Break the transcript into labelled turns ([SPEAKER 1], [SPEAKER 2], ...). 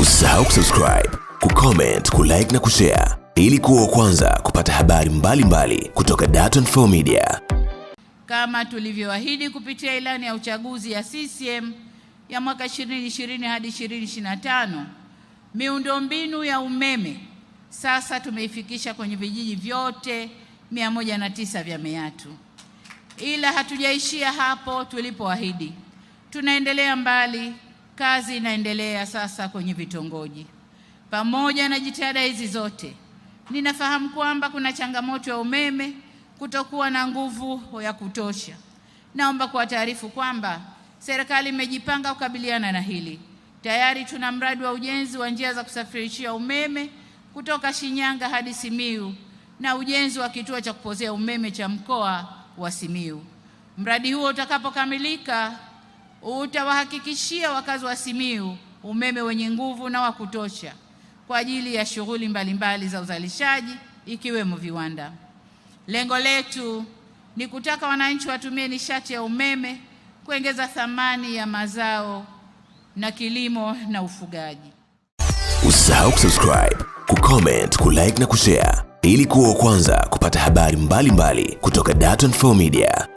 [SPEAKER 1] Usisahau kusubscribe, kucomment, kulike na kushare ili kuwa kwanza kupata habari mbalimbali mbali kutoka Dar24 Media.
[SPEAKER 2] Kama tulivyoahidi kupitia ilani ya uchaguzi ya CCM ya mwaka 2020 hadi 2025, miundombinu ya umeme sasa tumeifikisha kwenye vijiji vyote 109 vya Meatu. Ila hatujaishia hapo tulipoahidi, tunaendelea mbali Kazi inaendelea sasa kwenye vitongoji. Pamoja na jitihada hizi zote, ninafahamu kwamba kuna changamoto ya umeme kutokuwa na nguvu ya kutosha. Naomba kuwataarifu kwamba serikali imejipanga kukabiliana na hili. Tayari tuna mradi wa ujenzi wa njia za kusafirishia umeme kutoka Shinyanga hadi Simiu na ujenzi wa kituo cha kupozea umeme cha mkoa wa Simiu. Mradi huo utakapokamilika utawahakikishia wakazi wa Simiyu umeme wenye nguvu na wa kutosha kwa ajili ya shughuli mbalimbali za uzalishaji ikiwemo viwanda. Lengo letu ni kutaka wananchi watumie nishati ya umeme kuongeza thamani ya mazao na kilimo na ufugaji. Usisahau kusubscribe, kucomment, kulike na kushare ili kuwa wa kwanza kupata habari mbalimbali mbali kutoka Dar24 Media.